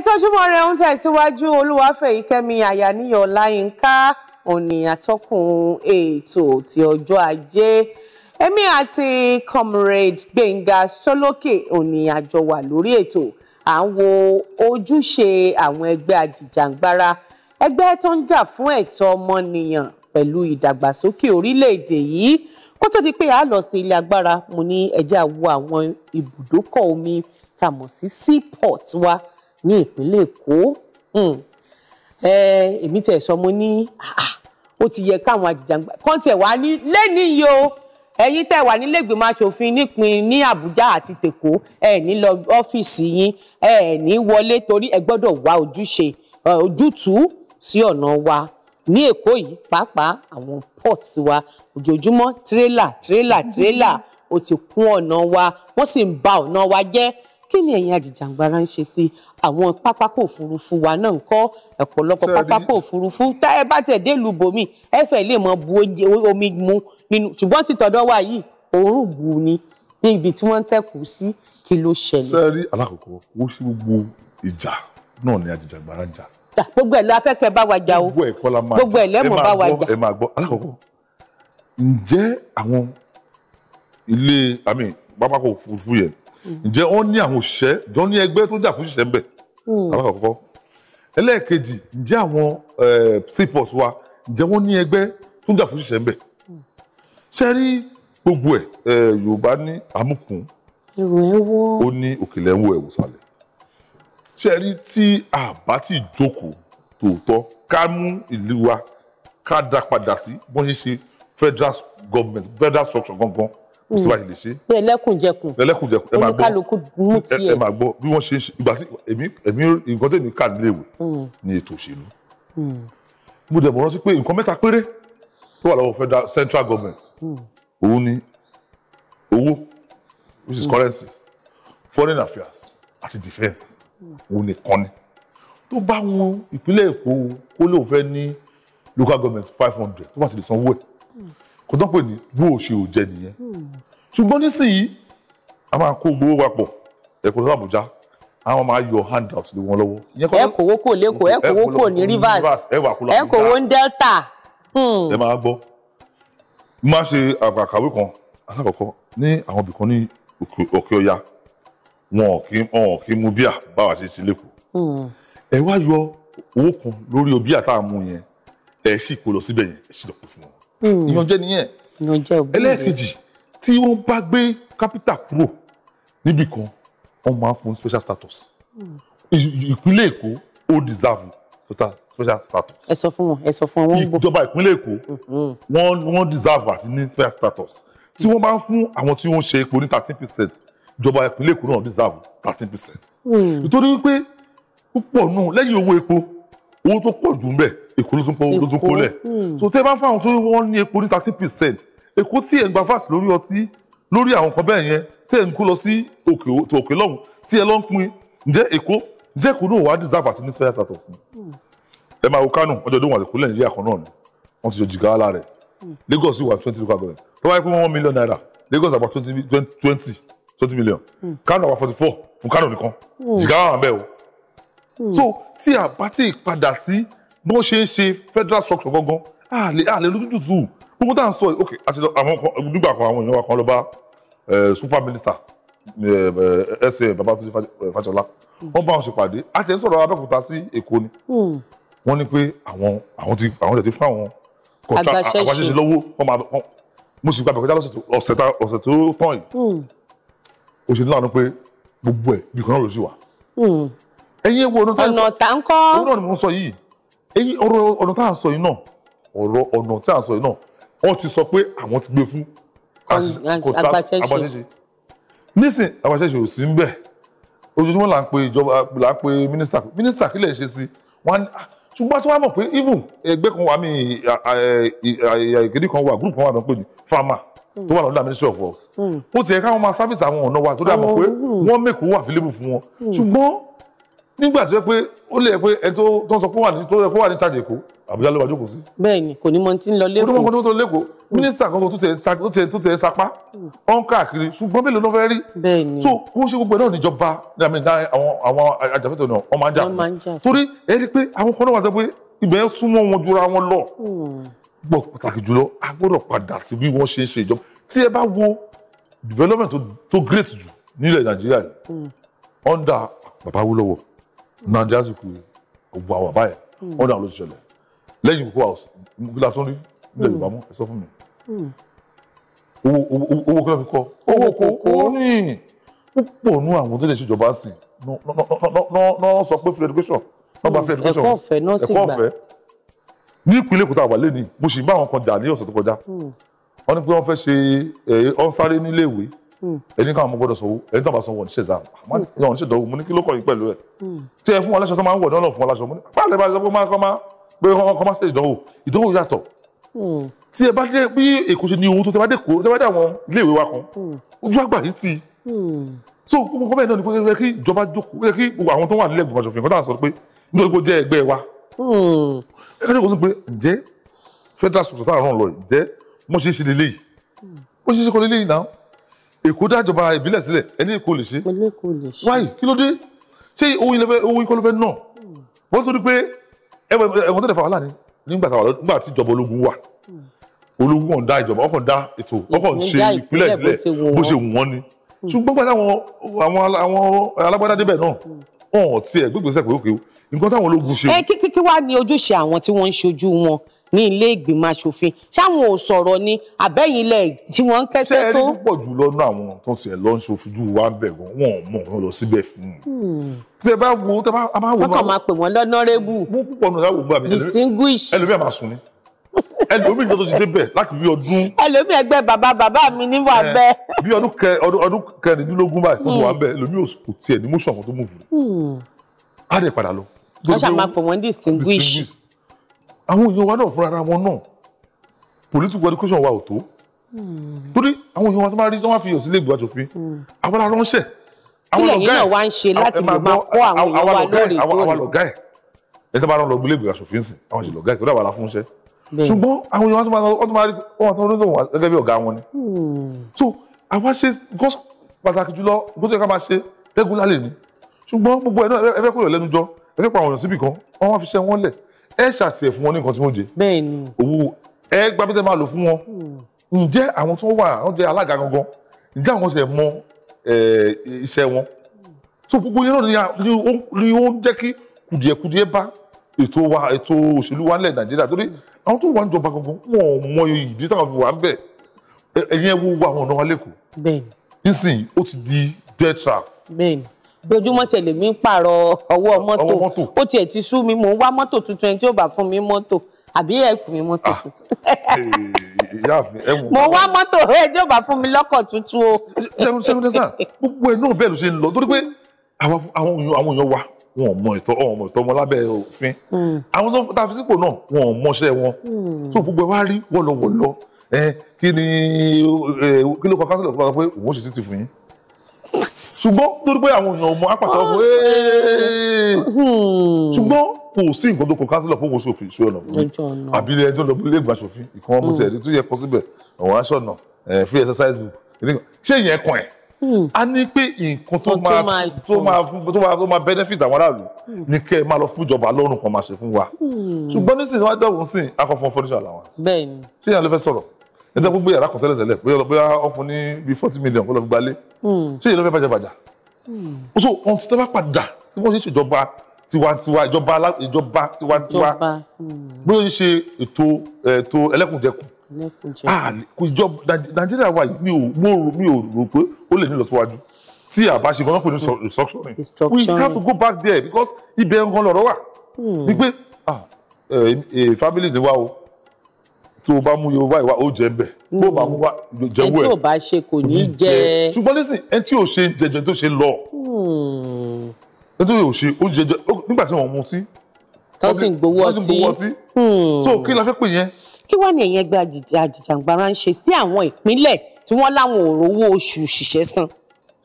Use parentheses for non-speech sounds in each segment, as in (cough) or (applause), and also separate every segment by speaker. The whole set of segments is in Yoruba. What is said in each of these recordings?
Speaker 1: ètò Ojúmọ́ Ire ń tẹ̀síwájú Olúwafẹ́yìkẹ́mi Àyàníyàn Ọláyínká òní àtọ́kùn ètò ti ọjọ́ ajé èmi àti comrade Gbénga Sólókè òní àjọ wà lórí ètò à ń wo ojúṣe àwọn ẹgbẹ́ ajìjàǹgbara ẹgbẹ́ tó ń jà fún ẹ̀tọ́ ọmọnìyàn pẹ̀lú ìdàgbàsókè orílẹ̀-èdè yìí kó tó di pé a lọ sí ilé agbára mo ní ẹjẹ́ àwo àwọn ibùdókọ̀ omi tá a mọ̀ sí seaport wa. Si ní ìpínlẹ̀ Èkó hmm. èmi tẹ̀ sọ mo ní ó ti yẹ káwọn ajìjàgbà kan tẹ̀ wá ní lẹ́ni yìí o ẹ̀yin tẹ̀ wà nílé ìgbìmọ̀ asòfin nípìn ní Àbújá àti tèkó ẹ̀ ní lọ ọ́fíìsì yín ẹ̀ ní wọlé torí ẹ gbọ́dọ̀ wá ojúṣe ojútùú sí ọ̀nà wa ní Èkó yìí pàápàá àwọn port wa ojoojúmọ́ tírélà tírélà tírélà ó ti kún ọ̀nà wa wọ́n sì ń ba ọ̀nà wa jẹ́ kí ni ẹ̀yin àjìjàǹgbara ń ṣe sí àwọn pápákọ̀ òfurufú wa náà ń kọ́ ọ̀pọ̀lọpọ̀ pápákọ̀ òfurufú tá ẹ bá tẹ̀ dé ìlú bòmí ẹ fẹ́ lè mọ bu omi mu nínú ṣùgbọ́n ti tọ̀dọ̀ wa yìí òórùn bu ni ní ibi tí wọ́n ń tẹ̀kù sí kí ló ṣẹlẹ̀. sẹ́ẹ̀rí
Speaker 2: alákòókò wọ́n ṣe gbogbo ìjà náà ni àjìjàǹgbara jà.
Speaker 1: gbogbo ẹ̀ la fẹ́ kẹ́ bá wa jà o gbogbo ẹ̀ lẹ́mọ̀ bá wa jà.
Speaker 2: ẹ máa gbọ́ alákòókò ǹjẹ́ àwọn ilé ǹjẹ́ wọ́n ní àwọn òṣìṣẹ́ jọ ní ẹgbẹ́ tó jà fún òṣìṣẹ́ ńbẹ̀ alákọ̀ọ́kọ́ hmm. ẹlẹ́ẹ̀kejì ǹjẹ́ àwọn seaport eh, wa ǹjẹ́ wọ́n ní ẹgbẹ́ tó jà fún òṣìṣẹ́ ńbẹ̀ ṣe rí gbogbo ẹ̀ eh, Yorùbá ní amúkùn ó ní òkèlè ń wo ẹ̀wòsàlẹ̀ ṣe rí tí a bá ti jókòó tòótọ́ ká mú ìlú wa ká dá padà sí bọ́n ṣe ṣe federal government federal structure gangan kò sí báyìí lè ṣe. bẹ́ẹ̀ lẹ́kùnjẹkùn lẹ́kùnjẹkùn ẹ máa gbọ́ olúkálùkù mú tiẹ̀ ẹ máa gbọ́ bí wọ́n ṣe ń ṣe ìgbà tí èmi èmi nǹkan tèmi kà nílé ìwé hmm. ni ètò òṣèlú. Hmm. mo dẹ̀ mọ̀ rántí pé nǹkan mẹ́ta péré tó wà lọ́wọ́ federal central government hmm. òun ni owó which is currency foreign affairs àti defence òun nìkan ni tó bá wọn ìpínlẹ̀ Èkó kó lóun fẹ́ ní local government five hundred tó bá ti lè sanwó ẹ̀ kò tán pè ní bó o ṣe ò jẹ nìyẹn ṣùgbọ́n nísìnyí a máa kó gbowó wa pọ̀ ẹ̀kọ́ sí Àbújá àwọn máa yọ handout lé wọn lọ́wọ́. ẹ kò wó kò lẹ́kọ̀ọ́ ẹ kò wó kò ní Rivers ẹ kò Delta. Hmm. ẹ máa gbọ́ má ṣe àgbàkàwé kan alákọ̀ọ́kọ́ ní àwọn ibìkan ní òkè ọya wọn kì í kì í mu bíà báwa ṣe ṣe lẹ́kọ̀ọ́. Hmm. ẹ wá yọ owó kan lórí bíà tá a mú yẹn ẹ sì kó lọ síbẹ̀ yẹn ẹ sì lọ fún wọn. Hmm. ìyànjẹ nìyẹn ẹlẹ́ẹ̀kejì tí wọ́n bá gbé capital kúrò níbì kan wọ́n máa fún special status hmm. ìpínlẹ̀ èkó ó deserve special status. ẹ sọ fún wọn ẹ sọ fún wọn. ìjọba ìpínlẹ̀ èkó hmm. wọ́n wọ́n deserve àti ní special status tí wọ́n bá ń fún àwọn tí wọ́n ṣe epo ní thirteen percent ìjọba ìpínlẹ̀ èkó náà deserve thirteen percent. nítorí wípé púpọ̀ nù lẹ́yìn owó epo owó tó pọ̀ jù ń bẹ̀ èkó ló tún pọ̀ ló tún kólẹ̀ hmm. so tẹ́ bá fáwọn tó wọ́n ní epo ní thirty percent èkó tí ẹ̀ ń gba vat lórí ọtí lórí àwọn nǹkan bẹ́ẹ̀ yẹn tẹ́ ẹ̀ ń kó lọ sí òkè lọ́hùn tí ẹ lọ́ ń pin ǹjẹ́ èkó ǹjẹ́ èkó náà wàá deserve àti ní special status ni ẹ máa wo Kánò ọjọ́ ìdóhùn àti ìkúlẹ̀ Nàìjíríà kan náà ni wọ́n ti jọ jìgá ara rẹ̀ Lagos wà twenty local government tó wáyé pé wọ́n one million naira Lagos àgbà twenty twenty twenty million hmm. Kánò àgbà forty four fún Kánò nìkan hmm. jìgá wà bẹ́ẹ̀ o so tí a bá ti padà sí bí wọ́n ṣe ń ṣe federal structure gangan àlè àlè lójútùtù gbogbo tá à ń sọ ok àti àwọn nígbà kan àwọn èèyàn wa kan lọ bá eh, super minister ẹsẹ eh, eh, Babátúndé Fáṣọlá wọ́n bá wọn ṣèpàdé àti ẹ sọ̀rọ̀ Abẹ́òkúta sí Èkó ni hmm. wọ́n ní pé àwọn àwọn ti àwọn ti fún àwọn
Speaker 1: kọ̀tà àgbàṣẹ́ṣe lọ́wọ́
Speaker 2: wọ́n máa wọ́n mo sì gba Abẹ́òkúta lọ́sẹ̀ tó tán yìí hmm. ó ṣe ní láàánú pé gbogbo ẹ̀ bí kan náà ló ṣì wà. Hmm. ẹ̀yin ewu ọdún tá ń sọ ọ̀nà tá ń kọ́ ọ̀nà ni mo ń sọ yìí èyí ọ̀rọ̀ ọ̀nà tá à ń sọ yìí náà ọ̀rọ̀ ọ̀nà tí à ń sọ yìí náà wọ́n ti sọ pé àwọn ti gbé fún agbaṣẹ́ṣe nísìn agbaṣẹ́ṣe ò sí ń bẹ̀ ojoojúmọ́ là ń pe ìjọba là ń pe mínísítà mínísítà kí lè ṣe sí wọn ah, ṣùgbọ́n tí wọ́n mọ̀ pé even ẹgbẹ́ kan wà mí ìkéde kan wà group kan wà tó ń farmer tó wà lọ́dọ̀ ministry of works hmm. ó ti yẹ káwọn máa service àwọn ọ̀nà wa tó dáa mọ̀ pé oh. wọ́n mẹ́kọ̀ọ́ wà available fún wọn hmm. ṣùgbọ́n nígbà tí ó pé ó lè pé ẹni tó sọ fún wa ní tó yẹ kó wà ní ìtajà èkó àbújá ló wà jókòó sí. bẹ́ẹ̀ni kò ní mọ tí ń lọ lẹkọọ. kò ní mọ tó lẹkọọ mínísítà kan tó tẹ sapá ọ̀n káàkiri ṣùgbọ́n mélòó ló fẹ́ rí. ni tó kó ṣe gbogbo ẹ̀ náà níjọba àwọn ajàfẹ́tọ̀ náà ọmọ ajá fún torí ẹ rí i pé àwọn kan náà wà sọ pé ibẹ̀ ń súnmọ́ wọn jura wọn lọ. Hmm. gbọ́ pàtàkì jùlọ a gbọ́dọ̀ padà sí bí wọ́n ṣe ń ṣe ìjọba tí ẹ bá wo development tó great jù nílẹ̀ nàìjíríà yìí hmm. under bàbá nàìjíríà àsìkò ògbà wà báyẹn wọn dà ló ti ṣẹlẹ̀ lẹ́yìn ìkókó house kí la tún rí nílẹ̀ hmm. yorùbá mú ẹ sọ fún mi hmm. owó kí ló fi kọ owó kòkó ní púpọ̀ nú àwọn tó lè ṣèjọba sí náà sọ pé free education náà bá hmm. free education ẹ̀kọ́ ọ̀fẹ́ náà sì gbà ní ìpínlẹ̀ Èkó tá a wà lẹ́ni mo sì bá àwọn kan jà ní ọ̀sẹ̀ tó kọjá wọ́n ní pé wọ́n fẹ́ ṣe eh, ọ̀nsáré níléèwé ẹni káwọn ọmọ gbọ́dọ̀ sanwó ẹni tó bá sanwó ọ̀nṣẹ́ ìzá ọ̀n ṣe ìdánwò mo ní kí ló kọ̀ yín pẹ̀lú ẹ̀ hmm. tí ẹ fún wọn lẹ́sọ̀ tó máa ń wọ̀ dánwò fún wọn láṣọ mo ní báyìí bá ṣe pé máa kọ́ máa pé kọ́ máa ṣe ìdánwò ìdánwò yàtọ̀ hmm. tí ẹ bá dé bí èkó ṣe ní ohun tó tẹ bá dé kó tẹ bá dé àwọn iléèwé wa kan hmm. ojú àgbà yìí ti so gbogbo kọ́ bẹ́ẹ̀ náà ni pé yẹ kí ìjọba jókòó yẹ kí gbogbo àwọn tó wà nílẹ̀ gbọ̀ngàn ṣòfin kan táà sọ pé nítorí pé ó jẹ́ ẹgbẹ́ wa ẹ ká ṣe kó sí pé ǹjẹ́ federal structure táà rán lọ ǹjẹ́ mo ṣe é ṣe lélẹ́yìí mo èkó dájọba ìbílẹ̀ sílẹ̀ ẹni èkó lè ṣe. ẹni èkó lè ṣe. wáyé kí ló dé ṣé owó ilé owó ikọ́ ló fẹ́ náà wọ́n tó ní pé ẹ̀wọ̀n tẹ̀lé fa wàhálà ni nígbà tí ìjọba ológun wà ológun kàn dá ìjọba ọkàn dá ètò ọkàn ṣe ìpínlẹ̀ ìpínlẹ̀ bó ṣe wù wọ́n ni ṣùgbọ́n gbàtà àwọn alágbádá débẹ̀ náà wọn ò tiẹ̀ gbégbèsè pé òkè nǹkan táwọn ológun
Speaker 1: ṣe. ẹ kí wàá ní ojúṣe àwọn tí wọ́n ń ṣojú wọn ní ilé ìgbìmọ̀ asòfin ṣáwọn ò sọ̀rọ̀ ni àbẹ́yìnlẹ̀ tí wọ́n ń kẹ́tẹ́ tó. ṣé ẹni
Speaker 2: púpọ̀ jù lọ́nà àwọn tó tiẹ̀ lọ ń ṣòfin jù wá bẹ̀ wọ́n wọn ò mọ̀ wọn lọ síbẹ̀ fún un.
Speaker 1: Hmm. tẹ bá wo tẹ bá
Speaker 2: a máa wò. wọ́n kàn máa pè wọ́n lọ́nọ́rẹ́bù. wọ́n púpọ̀ nù láwùjọ gbà mí. distinguish. ẹlòmíà máa sùn ni ẹlòmíì tó ti débẹ̀ láti bí ọdún. ẹlòmíì ẹgbẹ́ bàbá bàbá mi ní wà eh, bẹ́ẹ̀. bí ọdún kẹrìndínlógún báyìí tó ti wà hmm. bẹ́ẹ̀ ẹlòmíì kò tiẹ̀ ní mọ́ṣọ̀ àwọn tó mú
Speaker 1: un. á dẹ̀ padà lọ. wọ́n ṣàmàpọ̀ wọ́n distinguish àwọn èèyàn
Speaker 2: wa náà fúnra wọn náà political education wa ò tó hmm. torí àwọn èèyàn wa tó máa rí tí wọ́n fi hàn sílé ìgbìmọ̀ àjòfin hmm. àwọn ará ránṣẹ́ àwọn ọ̀gá ẹ̀ wá ń ṣe láti lè máa kọ́ àwọn èèyàn wa lóòrèkóòrè àwọn ọ̀gá ẹ̀ ẹ tó bá rán lọ gbélé ìgbìmọ̀ àjòfin sìn àwọn ṣe lọ̀gá ẹ̀ tó dàbà la fún iṣẹ́ ṣùgbọ́n àwọn èèyàn wa tó máa rí wọn tó rí wọn gẹ́gẹ́ bí ọ̀gá wọn ni hmm. so àwa ṣe gọ́s pàtàkì jùlọ gbọ́dọ̀ ká máa ṣe regularly ni ṣùgbọ́n gbogbo ẹ̀ náà ẹ fẹ́ kó yọ lẹ́nu jọ ẹ fẹ́ pa àwọn èèyàn síbì kan wọ́n wá fi ṣẹ́ wọn lẹ̀ ẹ ṣàṣẹ fún wọn ní nǹkan tí wọ́n jẹ
Speaker 1: bẹ́ẹ̀ni owó
Speaker 2: ẹ gba pẹ́tẹ́ máa lò fún wọn
Speaker 1: hmm.
Speaker 2: ǹjẹ́ àwọn tó wà wọ́n jẹ́ alága gangan ǹjẹ́ àwọn ṣe mọ iṣẹ́ wọn so gbogbo yẹn náà ni ó ń jẹ́ kí kùdìẹ̀kùdìẹ̀ bá ètò wa ètò òṣèlú wa nílẹ̀ nàìjíríà torí àwọn tó wà ń jọba gangan wọn ò mọ ìdí táwọn fi wà ń bẹ̀ ẹ̀yìn ẹ̀ wo àwọn ọ̀nà wa lẹ́kọ̀ọ́ nísìnyí ó ti di death trap
Speaker 1: dojúmọ́ tiẹ̀ lèmi ń pààrọ̀ ọwọ́ mọ́tò ó tiẹ̀ ti sú mi mò ń wá mọ́tò tuntun ẹni tí ó bá fún mi mọ́tò àbí ẹ fún mi mọ́tò ah. tuntun. (laughs) mo wá mọ́tò ẹ tí ó bá fún mi lọ́kọ̀ tuntun o.
Speaker 2: sẹ́gun sẹ́gun dẹ́sán gbogbo ẹ̀ náà bẹ́ẹ̀ ló ṣe ń lọ torí pé àwọn èèyàn wa wọn ò mọ ìtọ́ wọn ò mọ ìtọ́ ọmọ lábẹ́ òfin hmm. àwọn tó ta fi sípò náà wọn ò mọṣẹ́ wọn tó hmm. gbogbo ẹ wá rí wọ́lọ́wọ́lọ́ kí ni kí ló kọ káńsílẹ̀ fún wa pé òun ó ṣe títì fún yín ṣùgbọ́n torí pé àwọn èèyàn ọmọ apàtà ọmọ ṣùgbọ́n kò sí nǹkan tó kọ kánsílọ̀ fún oṣù òfin ìṣó ọ̀nà àbílẹ̀ ẹjọ́ lọ ilé ìgbà ṣòfin ìkan ọmọ tẹ̀lé tó yẹ kọ síbẹ̀ àwọn aṣọ ọ̀nà free exercise book ṣé ìyẹn kan ẹ̀ hmm. a ní pé nǹkan tó máa tó máa tó máa tó máa benefit àwọn aráàlú hmm. ní kẹ́ ẹ máa lọ fún ìjọba lọ́rùn kan máa ṣe fún wa hmm. ṣùgbọ́n nísìnyí wọ́n á dẹ̀wọ̀n sìn akọ̀fọ̀n furniture allowance ṣé ẹ tẹ́ kó gbé yàrá kan tẹ́lẹ̀ tẹ́lẹ̀ bóyá bóyá wọ́n fún ní bíi forty million kó lọ gba lé hmm. ṣé èyí ló fẹ́ bàjẹ́ bàjá. Hmm. so ohun tí tẹ́lẹ̀ padà sí wọ́n ṣe ìjọba tiwantiwa ìjọba ìjọba tiwantiwa hmm. bóyá ṣe ètò eh, ètò ẹlẹ́kùnjẹkùn ah, kò ìjọba nàìjíríà wa mi ò mi ò rò pé ó lè ní ìlọsíwájú tí àbá ṣe gan-an pé ní restructuring we have to go back there because ibẹ̀ ń gan lọ́rọ̀ wà wípé ah, eh, eh, family ni wa o tó o bá mú yorùbá ìwà ó jẹ bẹ bó o bá mú wá jẹwọ ẹ tí ò bá ṣe kò ní jẹ ṣùgbọ́n lẹ́sìn ẹni tí ò ṣe jẹjẹ tó ṣe lọ hmm. ẹni tí ò ṣe ó jẹjẹ nígbà tí wọ́n mutí tó sì ń gbowó ọtí hmm. so kí
Speaker 1: la fẹ́ pè yẹn. kí wàá ní ẹ̀yìn ẹgbẹ́ ń ṣe sí àwọn ìpínlẹ̀ tí wọ́n láwọn ò rówó oṣù òṣìṣẹ́ san.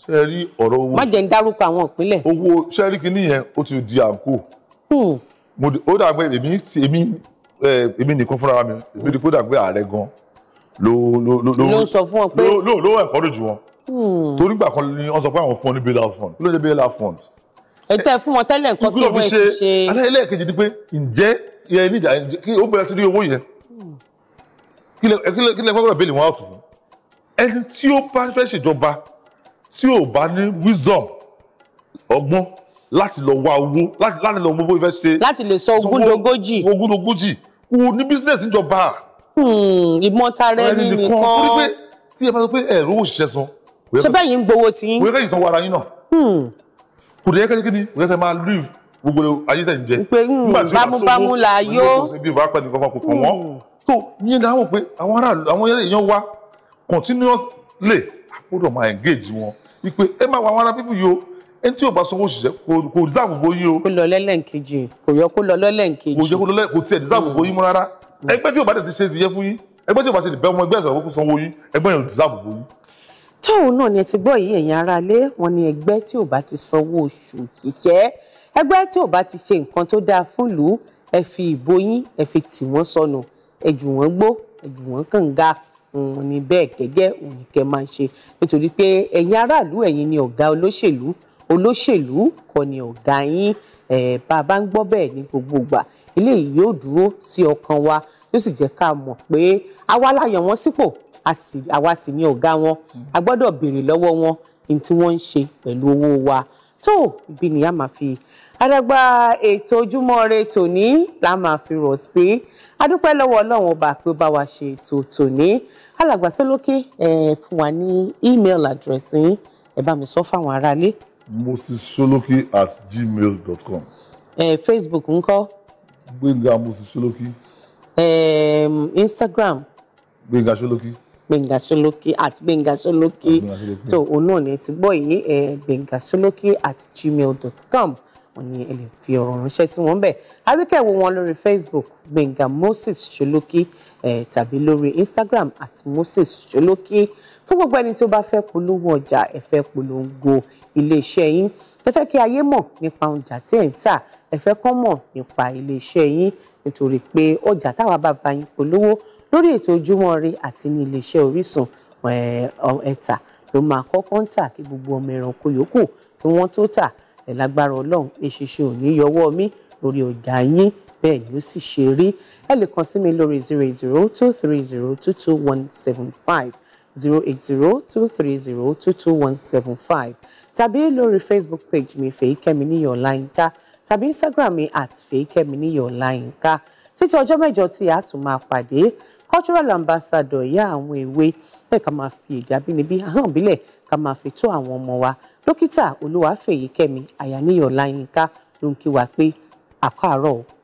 Speaker 1: ṣe rí ọ̀rọ̀ owó má ń dárúkọ àwọn ìpínlẹ̀. owó ṣe rí kinní
Speaker 2: yẹn ó ti di àǹkó. Hmm. ó dàgbẹ́ èmi èmi nìkan fúnra mi èmi ni kódà pé ààrẹ gan ló ló ló ló sọ fún ọ pé ló ló ẹ̀kọ́ lójú wọn hmm. torí gbà kan ni wọ́n sọ pé àwọn fún ọ ní bailout fund ló lè bailout fund.
Speaker 1: ètò ẹ fún wọn tẹ́lẹ̀ nǹkan
Speaker 2: tó wọ́n ti ṣe. ẹlẹ́ẹ̀kejì ni pé ǹjẹ́ ẹ níjà kí ó bẹ̀rẹ̀ sí ní owó yẹn kí lẹ gbọ́dọ̀ bẹ́ẹ̀lì wọn àtùfù ẹni tí ó bá fẹ́ ṣèjọba tí ò bá ní wisdom ọgbọ́n láti lọ wá owó láti láti lọ mọ bó fẹ́ ṣe. láti lè sọ ogúndogójì. ogúndogójì kò ní bísíǹnẹ̀sì ìjọba.
Speaker 1: Hmm,
Speaker 2: ìmọ̀tara ẹni nìkan. torí pé tí ẹ bá sọ pé ẹ rówó òṣìṣẹ́ san. ṣé
Speaker 1: bẹ́ẹ̀ yìí ń gbowó tí yín.
Speaker 2: wẹ́ẹ́kẹ́ yìí sanwó ara yín náà. Hmm. kò dé yẹ́kẹ́ kíni wẹ́ẹ́ fẹ́ máa rí gbogbo ayé tẹ̀ ń jẹ. pé hmm, bámúbámú la yó. ibi ìwà pẹ̀lú nǹkan kò kàn wọ́n. tó yín dáhùn pé àwọn aráàlú àwọn èèyàn wa continuously àkójọ máa engage wọn wípé ẹ máa wọ àwọn ará pípù yìí ẹni tí yóò bá sanwó òṣìṣẹ́ kò dísàfù bó o. kó lọ
Speaker 1: lẹ́lẹ́ǹkejì
Speaker 2: kò yọ kó lọ lẹ́lẹ́ǹkejì. kò yẹ kó lọ lẹ́ kò tiẹ̀ dísàfù bó yín mọ́ rárá mm. ẹgbẹ́ tí yóò bá dẹ̀ ti ṣe yẹ fún yín ẹgbẹ́ tí yóò bá ti bẹ́ ọmọ ẹgbẹ́ ẹ̀sán kó sanwó yín ẹgbẹ́ yẹn ò dísàfù bó yín.
Speaker 1: tóun náà ni ẹ ti gbọ́ yìí ẹ̀yin aráalé wọn ni ẹgbẹ́ tí ò bá ti sanwó oṣù òṣìṣẹ́ ẹgbẹ́ tí ò bá ti ṣe nǹkan tó dáa fún ẹ fi ìbò yín ẹ fi tì wọ́n sọnù ẹ jù wọ́n gbó ẹ jù wọ́n kànga òun ni bẹ́ẹ̀ gẹ́gẹ́ òun kẹ́ máa ṣe nítorí pé ẹ̀yin aráàlú ẹ̀yin ni ọ̀gá olóṣèlú olóṣèlú kọ́ ni ọ̀gá yín bá a bá ń gbọ́ bẹ́ẹ̀ ní gbogbo ìgbà eléyìí yóò dúró sí ọkàn wa yóò sì jẹ́ ká mọ̀ pé àwa la yàn wọ́n sípò àwa sì ni ọ̀gá wọn a gbọ́dọ̀ béèrè lọ́wọ́ wọn ní tí wọ́n ń ṣe pẹ̀lú owó wa tó ibi nìyá máa fi àdàgbà ètò ojúmọ́ ire tòní là máa fi rọ̀ sí adúpẹ́ lọ́wọ́ ọlọ́run ọba pé ó bá wa ṣe ètò tòní alàgbà Sólókè fún wa ní email address yín ẹ̀ bá mi sọ fáwọn aráalé
Speaker 2: Moses mosissoloki at gmail dot com.
Speaker 1: Eh, facebook ńkọ́. gbẹ̀ngà mosissoloki. Eh, instagram. gbẹ̀ngà soloki. gbẹ̀ngà soloki at gbẹ̀ngà soloki. So òun náà ni ẹ ti gbọ́ yìí eh, soloki at gmail dot com wọ́n ní ẹ lè fi ọ̀rọ̀ ránṣẹ́ sí wọn bẹ́ẹ̀ abíkẹ́ wọn lórí facebook gbẹ̀ngà moses soloki eh, tàbí lórí instagram at moses soloki fún gbogbo ẹni tí ó bá fẹ́ polówó ọjà ẹ fẹ́ polongo iléeṣẹ́ yín ẹ fẹ́ kí ayé mọ̀ nípa ọjà tí ẹ̀ ń tà ẹ fẹ́ kọ́ mọ̀ nípa iléeṣẹ́ yín nítorí pé ọjà táwa bá bá yín polówó lórí ètò ojúmọ́ ire àti ní iléeṣẹ́ Orísun eh, ẹ̀ta ló máa kọ́kọ́ ń tà kí gbogbo ọmọ ẹranko yòókù kí wọ́n tó tà ẹ̀ lágbára Ọlọ́run eṣinṣin ò yọwọ́ mi lórí ọjà yín bẹ́ẹ̀ ni ó sì ṣe rí ẹ lè kàn sí mi lórí zero zero two three zero two two one seven five zero eight zero two three zero two two one seven five tàbí lórí Facebook page mi Fèyíkẹ́mi Níyàn Ọláyínká tàbí Instagram mi at Fèyíkẹ́mi Níyàn Ọláyínká títí ọjọ́ mẹ́jọ tí a tún máa pàdé cultural ambassador ya àwọn èwe bẹ́ẹ̀ ká máa fi èdè abínibí ahọ́n ìbílẹ̀ ká máa fi tó àwọn ọmọ wa dókítà Olúwafẹ́yìkẹ́mi Àyàníyàn Ọláyínká ló ń kí wa pé àkàárọ̀